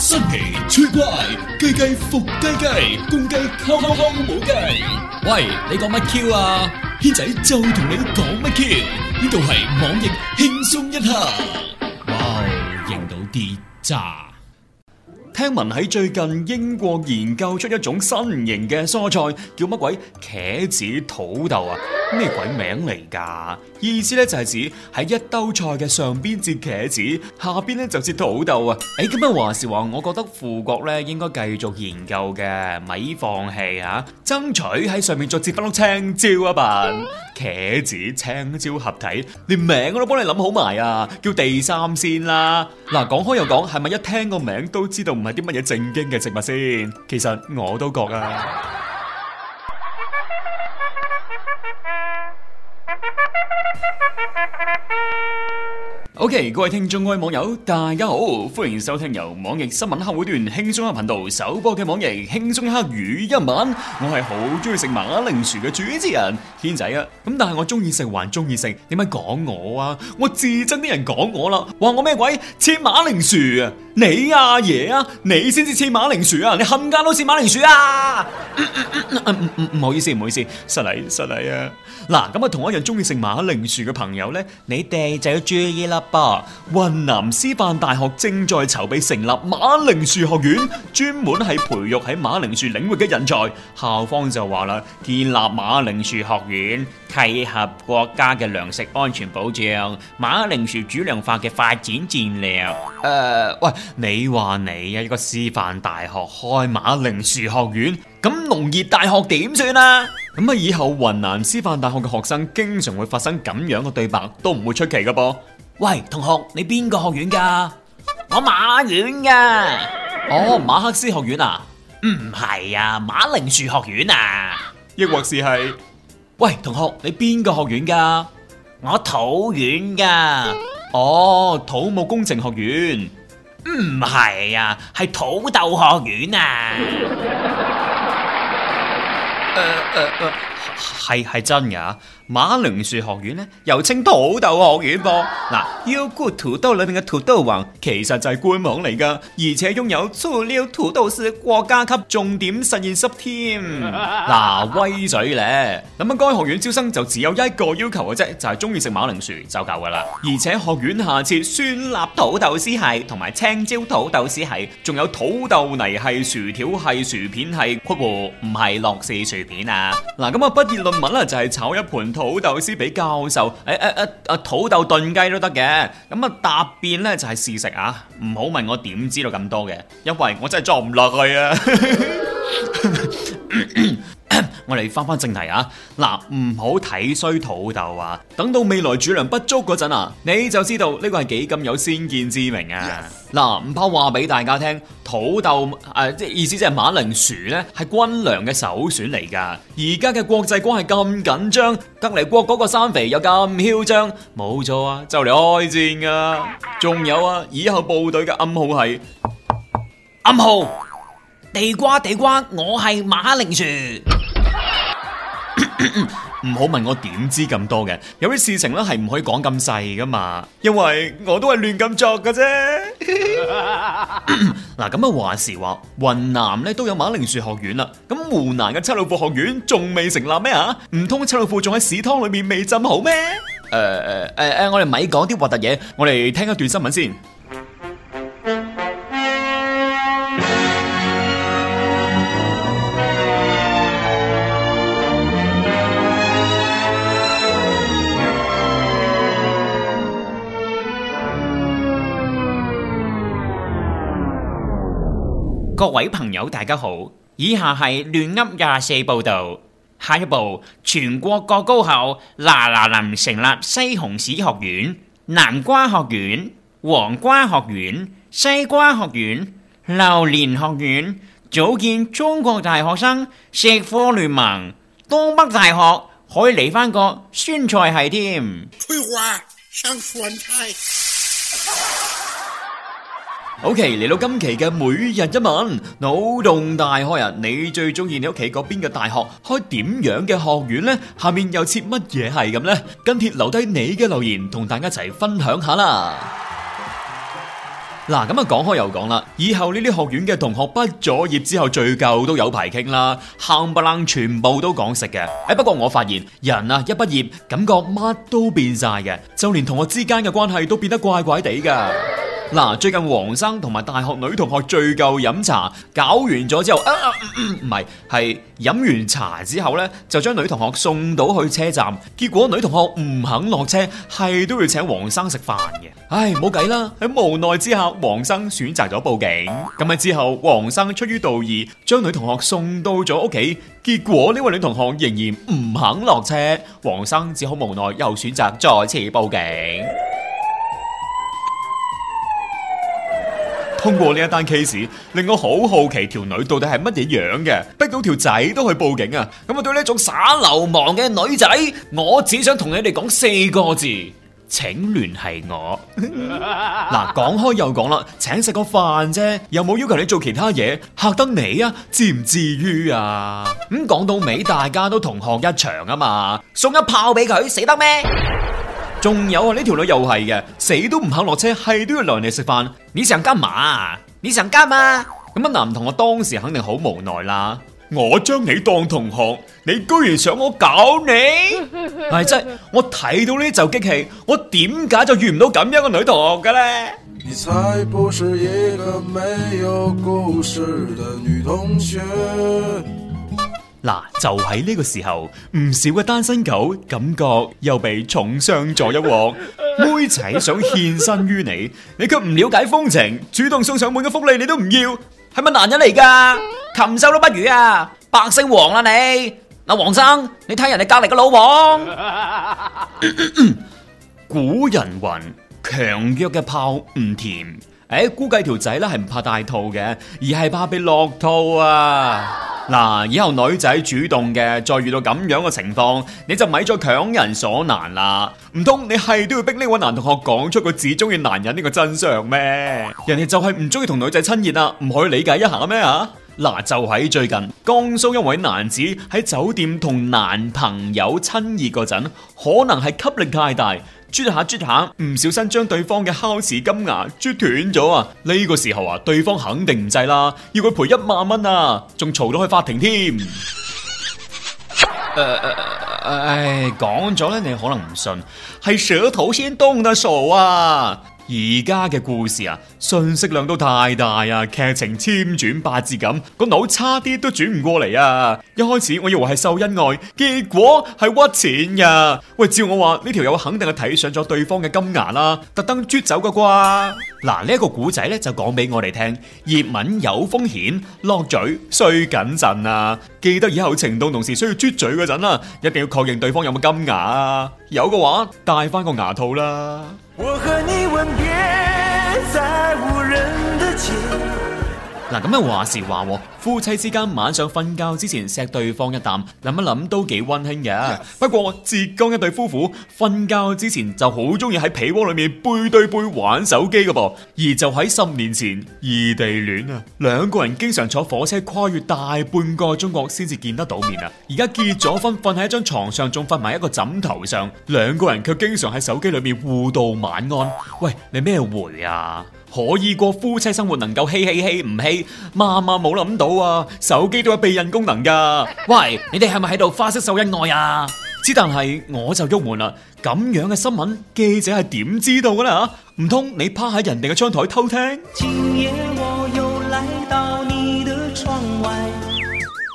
新奇趣怪，雞雞伏雞雞，公雞敲敲敲冇雞。喂，你講乜 Q 啊？軒仔就同你講乜 Q？呢度係網易輕鬆一刻，哇哦，認到啲渣。聽聞喺最近英國研究出一種新型嘅蔬菜，叫乜鬼茄子土豆啊？咩鬼名嚟噶？意思咧就係指喺一兜菜嘅上邊切茄子，下邊咧就切土豆啊！哎、欸，咁啊話時話，我覺得富國咧應該繼續研究嘅，咪放棄啊，爭取喺上面再切翻碌青椒啊噃， 茄子青椒合體，連名我都幫你諗好埋啊，叫地三鮮啦。嗱，講開又講，係咪一聽個名都知道唔係？有啲乜嘢正經嘅食物先？其實我都覺啊。OK，各位聽眾、各位網友，大家好，歡迎收聽由網易新聞客戶端輕鬆一刻頻道首播嘅網易輕鬆一刻語一晚。我係好中意食馬鈴薯嘅主持人軒仔啊。咁但係我中意食，還中意食，點解講我啊？我至憎啲人講我啦，話我咩鬼似馬鈴薯啊？你啊爺啊，你先至似馬鈴薯啊！你冚家都似馬鈴薯啊！唔好意思，嗯嗯嗯、唔好意思，失禮失禮啊！嗱，咁啊，同一樣中意食馬鈴薯嘅朋友呢？你哋就要注意啦噃。雲南師範大學正在籌備成立馬鈴薯學院，專門係培育喺馬鈴薯領域嘅人才。校方就話啦，建立馬鈴薯學院，契合國家嘅糧食安全保障、馬鈴薯主糧化嘅發展戰略。誒、呃，喂！你話你啊，一個師範大學開馬鈴薯學院，咁農業大學點算啊？咁啊，以後雲南師範大學嘅學生經常會發生咁樣嘅對白，都唔會出奇噶噃。喂，同學，你邊個學院噶？我馬院噶。哦，馬克思學院啊？唔係啊，馬鈴薯學院啊？抑或是係？喂，同學，你邊個學院噶？我土院噶。嗯、哦，土木工程學院。唔係、嗯、啊，係土豆學院啊。 呃呃呃係係真嘅，馬鈴薯學院呢，又稱土豆學院噃。嗱，Yogurt 土豆裏面嘅土豆王，其實就係官網嚟噶，而且擁有醋溜土豆絲國家級重點實驗室添。嗱、 啊，威水咧。咁啊，該學院招生就只有一個要求嘅啫，就係中意食馬鈴薯就夠噶啦。而且學院下設酸辣土豆絲系同埋青椒土豆絲系，仲有土豆泥系、薯條系、薯片系，不過唔係樂事薯片啊。嗱、啊，咁畢業論文咧就係炒一盤土豆絲俾教授，誒誒誒誒，土豆燉雞都得嘅。咁啊答辯咧就係試食啊，唔好、啊、問我點知道咁多嘅，因為我真係裝唔落去啊。呵呵 嗯嗯我哋翻翻正題啊！嗱，唔好睇衰土豆啊！等到未來主糧不足嗰陣啊，你就知道呢個係幾咁有先見之明啊！嗱 Yes.，唔怕話俾大家聽，土豆誒，即、呃、係意思即係馬鈴薯咧，係軍糧嘅首選嚟噶。而家嘅國際關係咁緊張，隔籬國嗰個山肥又咁囂張，冇錯啊，就嚟開戰啊！仲有啊，以後部隊嘅暗號係暗號，地瓜地瓜，我係馬鈴薯。唔好咳咳咳問我點知咁多嘅，有啲事情咧係唔可以講咁細噶嘛，因為我都係亂咁作噶啫。嗱，咁 啊 咳咳話時話，雲南咧都有馬鈴薯學院啦，咁湖南嘅臭豆腐學院仲未成立咩啊？唔通臭豆腐仲喺屎湯裏面未浸好咩？誒誒誒誒，我哋咪係講啲核突嘢，我哋聽一段新聞先。各位朋友，大家好。以下係亂噏廿四報道。下一步，全國各高校嗱嗱臨成立西紅柿學院、南瓜學院、黃瓜學院、西瓜學院、榴蓮學院，組建中國大學生食科聯盟。東北大學可以嚟翻個酸菜系添。翠花上酸菜。OK，嚟到今期嘅每日一問，腦洞大開啊！你最中意你屋企嗰邊嘅大學開點樣嘅學院呢？下面又設乜嘢係咁呢？跟貼留低你嘅留言，同大家一齊分享下啦！嗱， 咁啊講開又講啦，以後呢啲學院嘅同學畢咗業之後，聚舊都有排傾啦，冚唪唥全部都講食嘅。哎，不過我發現人啊一畢業，感覺乜都變晒嘅，就連同學之間嘅關係都變得怪怪地噶。 嗱，最近王生同埋大學女同學聚舊飲茶，搞完咗之後，唔、啊、係，係、嗯、飲完茶之後呢，就將女同學送到去車站，結果女同學唔肯落車，係都要請王生食飯嘅。唉，冇計啦，喺無奈之下，王生選擇咗報警。咁喺之後，王生出於道義，將女同學送到咗屋企，結果呢位女同學仍然唔肯落車，王生只好無奈又選擇再次報警。通過呢一單 case，令我好好奇條女到底係乜嘢樣嘅，逼到條仔都去報警啊！咁啊，對呢一種耍流氓嘅女仔，我只想同你哋講四個字，請聯繫我。嗱， 講開又講啦，請食個飯啫，又冇要求你做其他嘢，吓得你啊？至唔至於啊？咁、嗯、講到尾，大家都同學一場啊嘛，送一炮俾佢，死得咩？仲有啊！呢條女又係嘅，死都唔肯落車，係都要嚟你食飯，你想幹嘛？你想幹嘛？咁啊，男同學當時肯定好無奈啦。 我將你當同學，你居然想我搞你，係真我睇到呢就激氣。我點解就遇唔到咁樣嘅女同學嘅咧？你才不是一個沒有故事嘅女同學。嗱、啊，就喺呢個時候，唔少嘅單身狗感覺又被重傷咗一鑊。妹仔想獻身於你，你卻唔了解風情，主動送上門嘅福利你都唔要，係咪男人嚟噶？禽獸都不如啊！百姓王啦、啊、你，嗱、啊，黃生，你睇人哋隔籬嘅老王。咳咳，古人云：強弱嘅炮唔甜。哎，估計條仔咧係唔怕大肚嘅，而係怕俾落套啊！嗱，啊，以後女仔主動嘅，再遇到咁樣嘅情況，你就咪再強人所難啦。唔通你係都要逼呢位男同學講出佢只中意男人呢個真相咩？人哋就係唔中意同女仔親熱啊，唔可以理解一下咩啊？嗱，就喺最近，江蘇一位男子喺酒店同男朋友親熱嗰陣，可能係吸力太大。啜下啜下，唔小心將對方嘅烤瓷金牙啜斷咗啊！呢、這個時候啊，對方肯定唔制啦，要佢賠一萬蚊啊，仲嘈到去法庭添。誒講咗咧，呃、你可能唔信，係舌頭先動的傻啊！而家嘅故事啊，信息量都太大啊，劇情千轉八折咁，個腦差啲都轉唔過嚟啊！一開始我以為係秀恩愛，結果係屈錢噶。喂，照我話呢條友肯定係睇上咗對方嘅金牙啦，特登啜走嘅啩。嗱，呢、這、一個古仔呢，就講俾我哋聽，熱吻有風險，落嘴需謹慎啊！記得以後情動同時需要啜嘴嗰陣啦，一定要確認對方有冇金牙啊，有嘅話戴翻個牙套啦。我和你吻別，在無人。嗱，咁樣話時話，夫妻之間晚上瞓覺之前錫對方一啖，諗一諗都幾溫馨嘅。Yes. 不過浙江一對夫婦瞓覺之前就好中意喺被窩裏面背對背玩手機嘅噃，而就喺十年前異地戀啊，兩個人經常坐火車跨越大半個中國先至見得到面啊。而家結咗婚，瞓喺一張床上仲瞓埋一個枕頭上，兩個人卻經常喺手機裏面互道晚安。喂，你咩回啊？可以過夫妻生活，能夠嬉嬉嬉唔嬉，媽媽冇諗到啊！手機都有避孕功能噶。喂，你哋係咪喺度花式秀恩愛啊？之但係我就鬱悶啦，咁樣嘅新聞記者係點知道㗎喇？吓，唔通你趴喺人哋嘅窗台偷聽？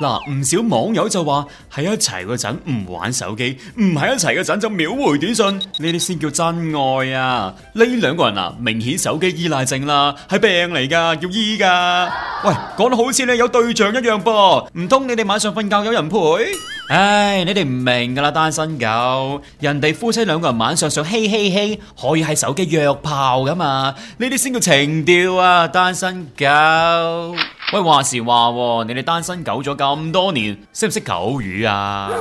啊，唔少網友就話喺一齊嗰陣唔玩手機，唔喺一齊嗰陣就秒回短信，呢啲先叫真愛啊！呢兩個人啊，明顯手機依賴症啦，係病嚟噶，要醫噶。喂，講得好似你有對象一樣噃，唔通你哋晚上瞓覺有人陪？唉、哎，你哋唔明噶啦，單身狗，人哋夫妻兩個人晚上想嘿嘿嘿，可以喺手機約炮噶嘛？呢啲先叫情調啊，單身狗。喂，話時話，你哋單身狗咗咁多年，識唔識狗語啊？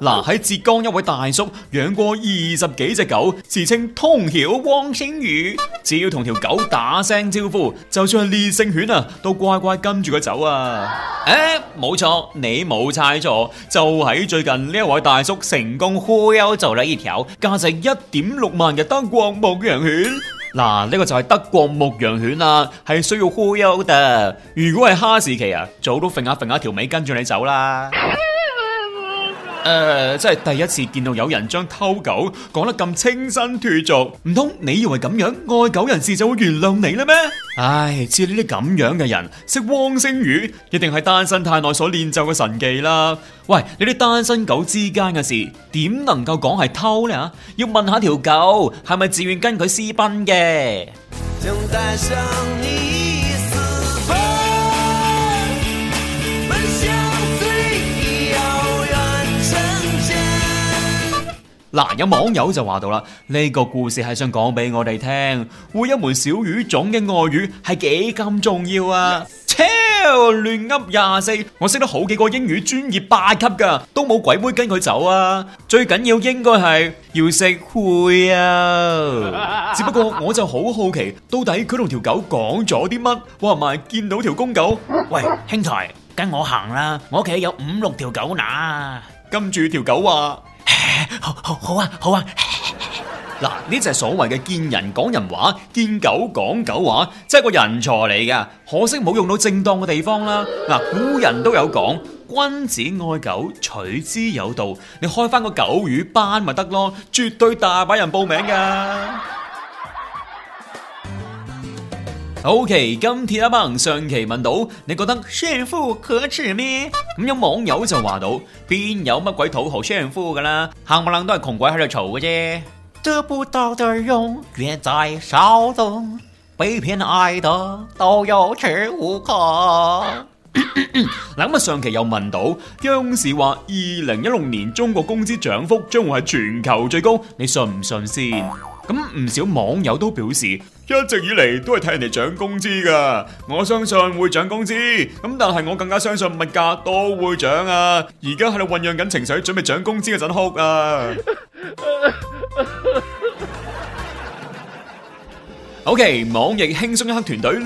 嗱、 啊，喺浙江一位大叔養過二十幾隻狗，自稱通曉汪星語，只要同條狗打聲招呼，就算係烈性犬啊，都乖乖跟住佢走啊！誒、 欸，冇錯，你冇猜錯，就喺最近呢一位大叔成功忽悠走了一條價值一點六萬嘅德國牧羊犬。嗱，呢個就係德國牧羊犬啦，係需要忽悠㗎。如果係哈士奇啊，早都揈下揈下條尾跟住你走啦。誒、呃，真係第一次見到有人將偷狗講得咁清新脱俗，唔通你以為咁樣愛狗人士就會原諒你啦咩？唉，似呢啲咁樣嘅人，識汪星魚一定係單身太耐所練就嘅神技啦。喂，你啲單身狗之間嘅事，點能夠講係偷呢？要問下條狗係咪自願跟佢私奔嘅？帶上你。嗱，有網友就話到啦，呢、呢個故事係想講俾我哋聽，會一門小語種嘅外語係幾咁重要啊！超 Yes. 亂噏廿四，我識得好幾個英語專業八級㗎，都冇鬼妹跟佢走啊！最緊要應該係要識會啊！ 只不過我就好好奇，到底佢同條狗講咗啲乜？哇！埋見到條公狗， 喂，兄台，跟我行啦！我屋企有五六條狗乸。跟住條狗話。 好好好啊好啊，嗱，呢 就係所謂嘅見人講人話，見狗講狗話，即係個人才嚟噶。可惜冇用到正當嘅地方啦。嗱，古人都有講，君子愛狗，取之有道。你開翻個狗語班咪得咯，絕對大把人報名噶。O、okay, K，今天阿鵬上期問到你覺得炫富可恥咩？咁有網友就話到，邊 有乜鬼土豪炫富噶啦？冚唪唥都係窮鬼喺度嘈嘅啫。得不到的永遠在騷動，被偏愛的都有恃無恐。嗱咁啊，上期又問到央視話二零一六年中國工資漲幅將會係全球最高，你信唔信先？咁唔 少網友都表示。一直以嚟都係睇人哋漲工資噶，我相信會漲工資。咁但係我更加相信物價都會漲啊！而家喺度醞釀緊情緒，準備漲工資嗰陣哭啊！OK，網易輕鬆一刻，團隊，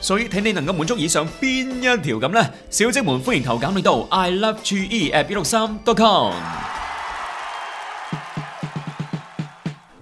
所以睇你能夠滿足以上邊一條咁咧，小姐們歡迎投簡歷到 i love u e at 163 dot com。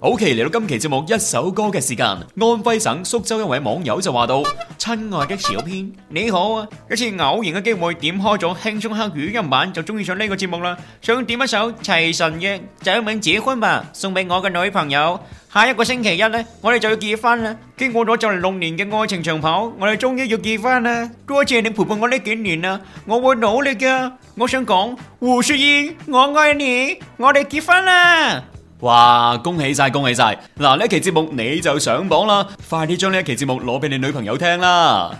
好期嚟，到今期節目一首歌嘅時間，安徽省宿州一位網友就話到：親愛嘅小編，你好啊！一次偶然嘅機會點開咗輕鬆黑語音版，就中意上呢個節目啦。想點一首齊晨嘅《咱們結婚吧》，送俾我嘅女朋友。下一個星期一呢，我哋就要結婚啦。經過咗就嚟六年嘅愛情長跑，我哋終於要結婚啦！多謝你陪伴我呢幾年啦，我會努力噶。我想講胡雪艷，我愛你，我哋結婚啦！哇！恭喜晒，恭喜晒！嗱，呢一期節目你就上榜啦，快啲將呢一期節目攞俾你女朋友聽啦！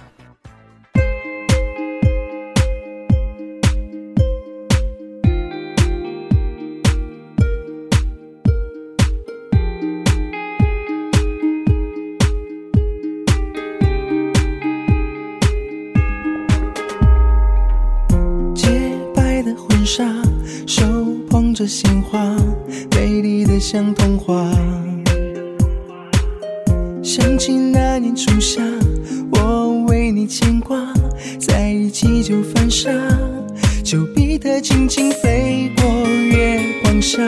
潔白嘅婚紗，手捧着鮮花。像童話，想起那年初夏，我為你牽掛，在一起就犯傻，丘比特輕輕飛過月光下，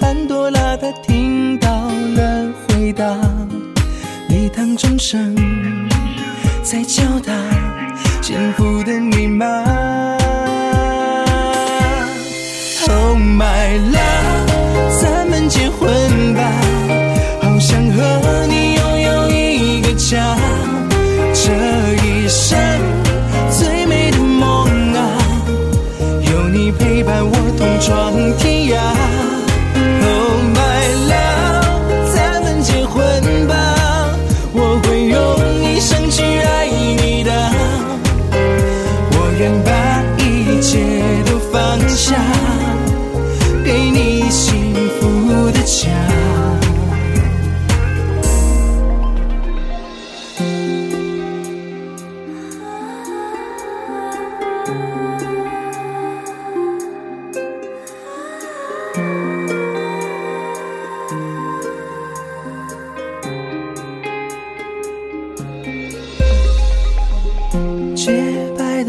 潘多拉她聽到了回答，禮堂鐘聲在敲打，幸福的密碼。Oh my love。天涯。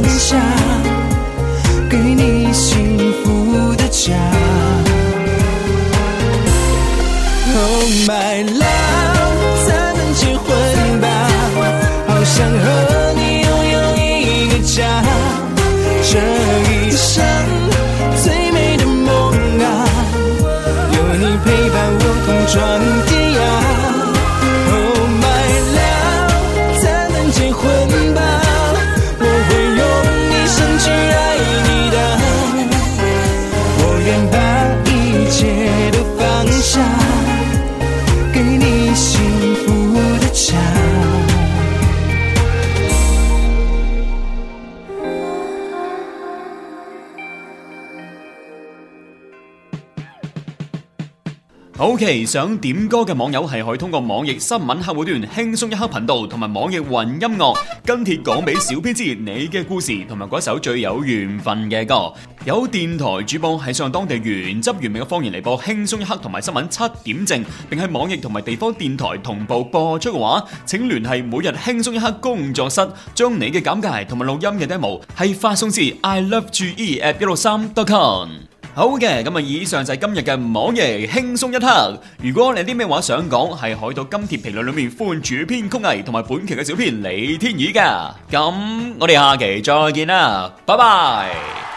放下。O.K. 想點歌嘅網友係可以通過網易新聞客戶端輕鬆一刻頻道同埋網易雲音樂跟帖講俾小編知你嘅故事同埋嗰一首最有緣分嘅歌。有電台主播係想用當地原汁原味嘅方言嚟播輕鬆一刻同埋新聞七點正，並係網易同埋地方電台同步播出嘅話，請聯繫每日輕鬆一刻工作室，將你嘅簡介同埋錄音嘅 demo 係發送至 i love ge at 163 dot com。好嘅，咁啊，以上就係今日嘅網易輕鬆一刻。如果你有啲咩話想講，喺海島金貼評論裏面歡主編曲藝同埋本期嘅小編李天宇嘅。咁我哋下期再見啦，拜拜。